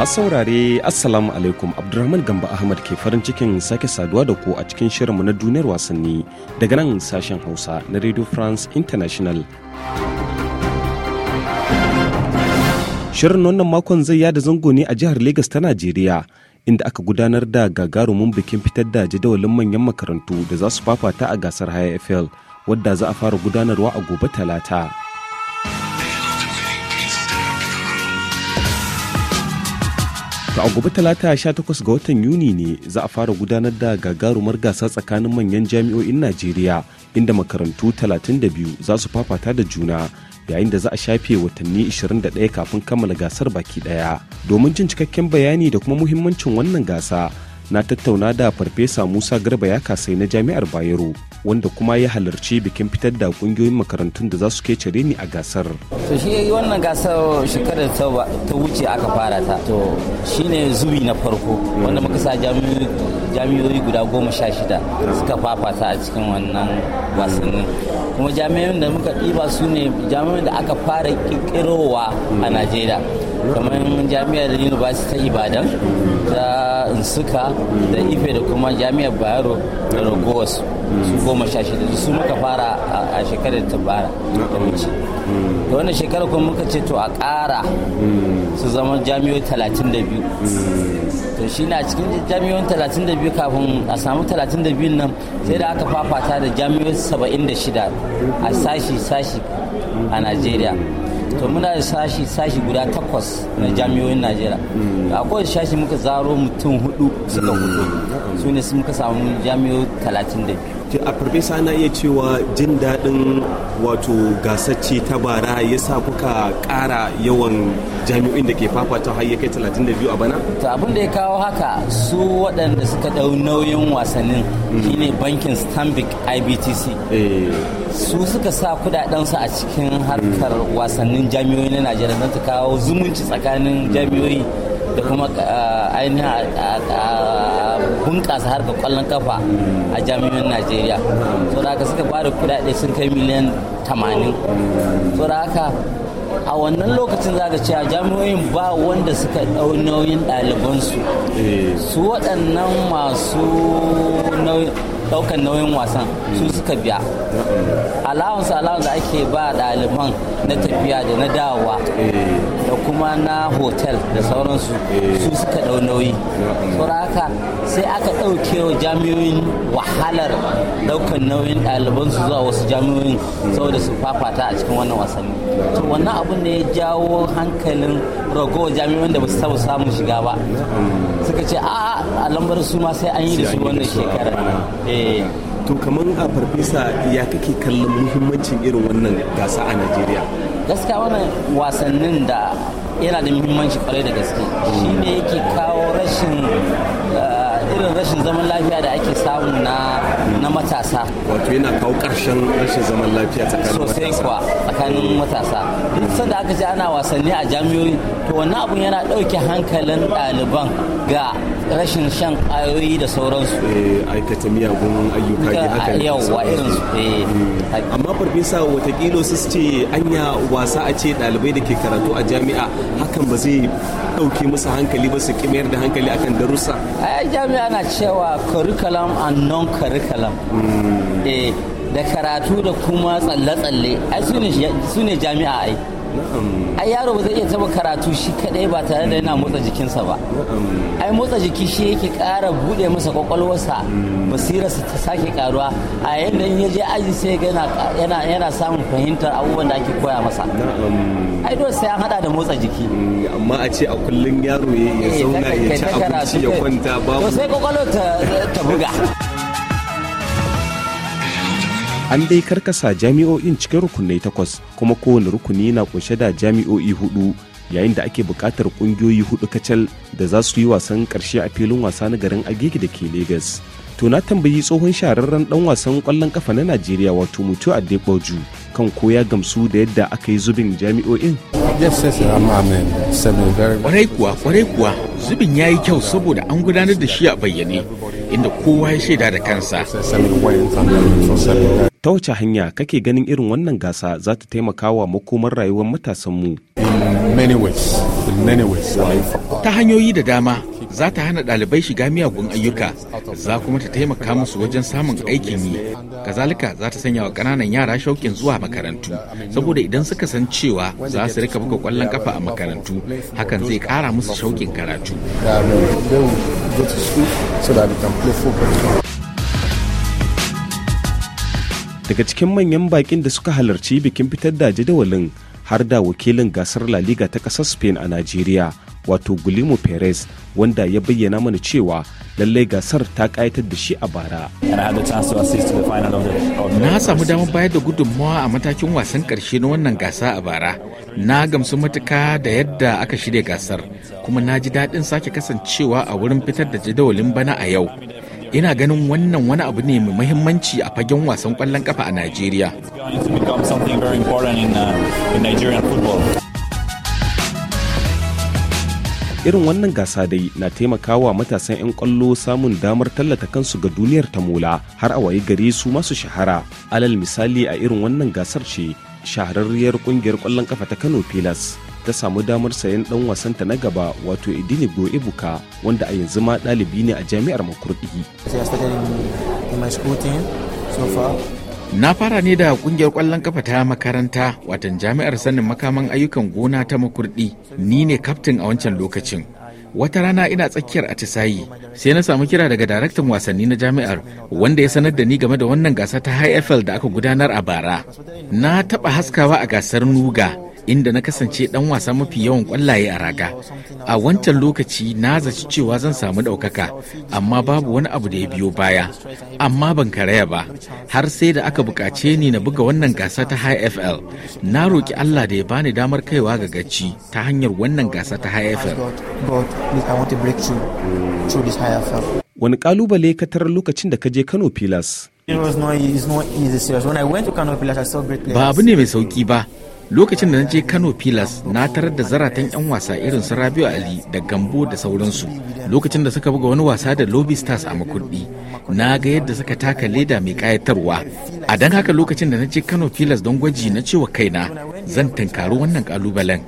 masu saurare assalamu alaikum abdulrahman gamba ahmad ke farin cikin sake saduwa da ku a cikin shirinmu na duniyar wasanni daga nan sashen hausa na radio france international shirin wannan makon zai yada zango ne a jihar lagos ta najeriya inda aka gudanar da gagarumin bikin fitar da jadawalin manyan makarantu da za su fafata a gasar hifl wadda za a fara gudanarwa a gobe talata To a gobe talata 18 ga watan Yuni ne za a fara gudanar da gagarumar gasa tsakanin manyan jami'o'in Najeriya inda makarantu 32 za su fafata da juna yayin da za a shafe watanni 21 kafin kammala gasar baki daya. Domin jin cikakken bayani da kuma muhimmancin wannan gasa na tattauna da farfesa musa garba ya kasai na jami'ar bayero wanda kuma ya halarci bikin fitar da kungiyoyin makarantun da za su ke ni a gasar to shi wannan gasar shekarar ta wuce aka fara ta to shine zubi na farko wanda muka sa jami'oyi guda goma sha shida suka fafata a cikin wannan wasannin kuma jami'an da muka ɗiba su ne jami'an da aka fara ƙirƙirowa a najeriya kamar jami'ar university ta ibadan ta suka da ife da kuma jami'ar bayero da ragowas su goma sha shida su muka fara a shekarar ta bara da wuce da wannan shekarar kuma muka ce to a ƙara su zama jami'o'i talatin da biyu to shi na cikin jami'o'in talatin da biyu kafin a samu talatin da biyu nan sai da aka fafata da jami'o'i saba'in da shida a sashi sashi a najeriya to muna da sashi sashi guda takwas na jami'o'in najeriya mm. a kowace sashi muka zaro mutum hudu suka hudu mm. su ne muka samu jami'o talatin da biyu a farfesa na iya cewa jin daɗin wato gasacce ta bara ya sa kuka ƙara yawan jami'o'in da ke fafata har ya kai 32 a bana? ta abin da ya kawo haka su waɗanda suka ɗau nauyin wasannin mm. shine bankin stanbic ibtc eh. su suka sa su a cikin harkar wasannin tsakanin jami'oi na najeriya don ta kawo zumunci tsakanin jami'oi da kuma ah, ainihin ah, ah, bunƙasa harkar kwallon kafa a jami'oyin najeriya so da haka suka bada kudade sun kai miliyan tamanin. so da haka a wannan lokacin za ka ce a jami'oyin ba wanda suka ɗau nauyin ɗalibansu eh. su waɗannan masu nauyin daukan nauyin wasan su suka biya allowance allowance da ake ba ɗaliban na tafiya da na dawowa eh. da kuma na hotel da sauransu eh. su suka ɗau nauyi haka sai aka ɗauke wa jami'oyin wahalar ɗaukan nauyin su zuwa wasu jami'oyin saboda su fafata a cikin wannan wasanni to wannan abun da ya jawo hankalin ragowa jami'oyin da ba su taɓa samun shiga ba suka ce a a lambar su ma sai an yi da su wannan shekarar eh. to kamar a farfesa ya kake kallon muhimmancin irin wannan gasa a najeriya gaskiya wannan wasannin da yana da muhimmanci kwarai da gaske shi ne yake kawo rashin eh, irin rashin zaman lafiya da ake samu na na matasa wato yana kawo karshen rashin zaman lafiya tsakanin sosai kuwa tsakanin matasa duk sanda aka ce ana wasanni a jami'o'i to wannan abun yana ɗauke hankalin ɗaliban ga rashin shan ƙwayoyi da sauransu eh, aikata miyagun ayyuka ne haka wa irin su eh. hmm. amma farfesa watakila su ce anya wasa a ce ɗalibai da ke karatu a jami'a hakan ba zai dauke musu hankali ba su kimiyar da hankali akan darussa a jami'a na cewa curriculum and non curriculum hmm. eh, da karatu da kuma tsalle-tsalle ai su ne jami'a ai a yaro ba zai iya taba karatu shi kadai ba tare da yana motsa jikinsa ba ai motsa jiki shi yake kara bude masa kwakwalwarsa basirarsa ta sake karuwa a yayin da ya je aji sai yana yana samun fahimtar abubuwan da ake koya masa ai dole sai an hada da motsa jiki mm, amma a ce a kullun yaro ya eh, zauna ya ci abinci ya kwanta babu sai kwakwalwar ta buga an dai karkasa jami'o'in cikin rukunai takwas kuma kowane rukuni na kunshe da jami'o'i hudu yayin da ake bukatar kungiyoyi hudu kacal da za su yi wasan karshe a filin wasa na garin agege da ke lagos to na tambayi tsohon shahararren dan wasan kwallon kafa na najeriya wato mutu a kan ko ya gamsu da yadda aka yi zubin jami'o'in kwarai kuwa kwarai kuwa zubin ya yi kyau saboda an gudanar da shi a bayyane inda kowa ya shaida da kansa ta wace hanya kake ganin irin wannan gasa za ta taimaka wa makomar rayuwar matasanmu ta hanyoyi da dama za ta hana ɗalibai shiga miyagun ayyuka za kuma ta taimaka musu wajen samun aikin yi kazalika za ta sanya wa ƙananan yara shauƙin zuwa makarantu saboda idan suka san cewa za su rika buga ƙwallon kafa a makarantu hakan zai ƙara musu shauƙin karatu daga cikin manyan bakin da suka halarci bikin fitar da jadawalin har da wakilin gasar la liga ta kasar spain a najeriya wato gulimo perez wanda ya bayyana mana cewa lallai gasar ta kayatar da shi a bara na samu damar bayar da gudunmawa a matakin wasan karshe na wannan gasa a bara na gamsu matuka da yadda aka shirya gasar kuma na ji daɗin sake kasancewa a wurin fitar da jadawalin bana a yau ina ganin wannan wani abu ne mai muhimmanci a fagen wasan kwallon kafa a Najeriya. Uh, irin wannan gasa dai na taimakawa matasan 'yan kwallo samun damar tallata kansu ga duniyar ta mula har a wayi gare su masu shahara. Alal misali a irin wannan gasar ce shahararriyar kungiyar kwallon kafa ta Kano Pilas ta samu damar sayan dan wasanta na gaba wato idiligo ibuka wanda a yanzu ma ɗalibi ne a jami'ar makurdi na fara ne da kungiyar kwallon kafa ta makaranta watan jami'ar sanin makaman ayyukan gona ta makurdi ni ne kaftin a wancan lokacin wata rana ina tsakiyar atisayi sai na samu kira daga daraktan wasanni na jami'ar wanda ya sanar da ni game da wannan gasa ta hifl da aka gudanar a bara na taɓa haskawa a gasar nuga inda na kasance dan wasa mafi yawan kwallaye a raga a wancan lokaci na zaci cewa zan samu ɗaukaka amma babu wani abu da ya biyo baya amma ban karaya ba har sai da aka buƙace ni na buga wannan gasa ta hfl na roƙi allah da ya bani damar kaiwa ga gaci ta hanyar wannan gasa ta hfl wani kalubale ka tarar lokacin da ka je kano pilas e-, ba abu ne mai sauki ba lokacin da na je kano pilas na tarar da zaratan 'yan wasa irin su rabiu ali da gambo da sauransu lokacin da suka buga wani wasa da lobby stars a makurdi na ga yadda suka taka leda mai kayatarwa a don haka lokacin da na je kano pilas don gwaji na cewa kaina zan tankaru wannan kalubalen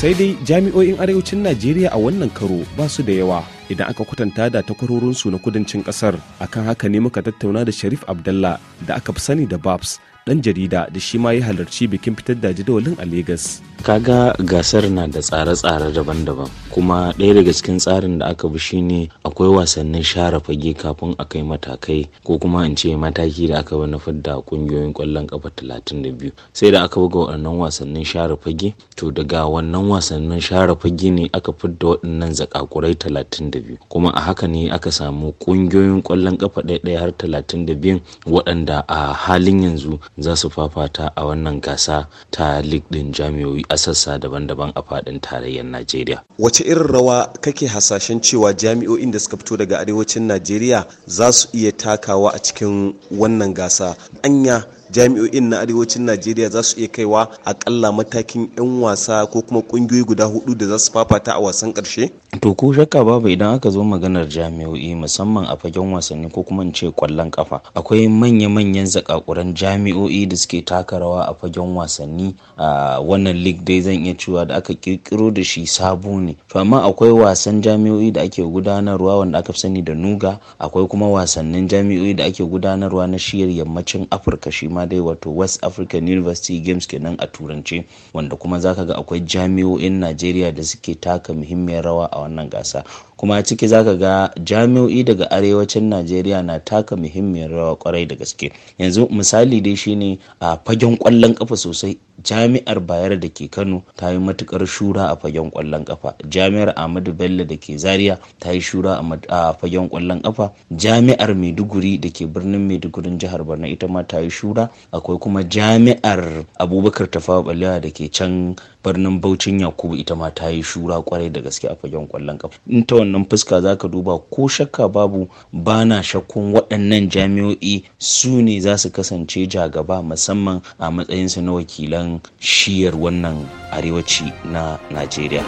Sai dai jami'o'in arewacin Najeriya a wannan karo ba su da yawa idan aka kwatanta da takwarorinsu na kudancin kasar akan haka ne muka tattauna da sharif abdallah da aka fi sani da babs dan jarida da shi ma ya halarci bikin fitar da jadawalin a Legas. Kaga gasar na da tsare-tsare daban-daban kuma ɗaya daga cikin tsarin da aka bi shine akwai wasannin share fage kafin a kai matakai ko kuma in ce mataki da aka bi na da kungiyoyin ƙwallon ƙafa 32 sai da aka buga waɗannan wasannin share fage to daga wannan wasannin share fage ne aka fidda waɗannan zakakurai 32 kuma a haka ne aka samu kungiyoyin ƙwallon ƙafa ɗaya har 32 waɗanda a halin yanzu za su fafata a wannan gasa ta lig din jami'o'i a sassa daban-daban a fadin tarayyar najeriya wace irin rawa kake hasashen cewa jami'o'in da suka fito daga arewacin najeriya za su iya takawa a cikin wannan gasa anya jami'o'in na arewacin najeriya za su iya kaiwa akalla matakin 'yan wasa ko kuma kungiyoyi guda hudu da za su fafata a wasan karshe to ko shakka babu idan aka zo maganar jami'o'i musamman a fagen wasanni ko kuma in ce kwallon kafa akwai manya-manyan zakakuran jami'o'i da suke taka rawa a fagen wasanni a wannan league dai zan iya cewa da aka kirkiro da shi sabo ne to amma akwai wasan jami'o'i da ake gudanarwa wanda aka fi sani da nuga akwai kuma wasannin jami'o'i da ake gudanarwa na shiyar yammacin afirka shi ma dai wato west african university games kenan a turance wanda kuma zaka ga akwai jami'o'in najeriya da suke taka muhimmiyar rawa a wannan gasa kuma a ciki zaka ga jami'o'i daga arewacin najeriya na taka muhimmiyar rawa kwarai da gaske yanzu misali dai shine a fagen kwallon kafa sosai jami'ar bayar da ke kano ta yi matukar shura a fagen kwallon kafa jami'ar ahmadu bello da ke zaria ta yi shura a fagen kwallon kafa jami'ar maiduguri da ke birnin maidugurin jihar borno ita ma ta yi shura akwai kuma jami'ar abubakar tafawa balewa da ke can birnin Baucin Yakubu ita ma ta yi shura kwarai da gaske a fagen kwallon kafa. In ta wannan fuska za ka duba ko shakka babu ba na shakkun waɗannan jami'o'i su ne za su kasance jagaba musamman a matsayinsu na wakilan shiyar wannan arewaci na Najeriya.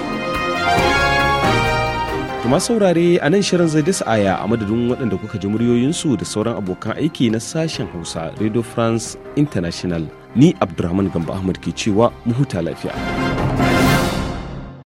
Kuma saurare a nan shirin zai aya a madadin waɗanda kuka ji muryoyinsu da sauran abokan aiki na sashen Hausa Radio France International. ni abdulrahman gamba ahmad ke cewa mu huta lafiya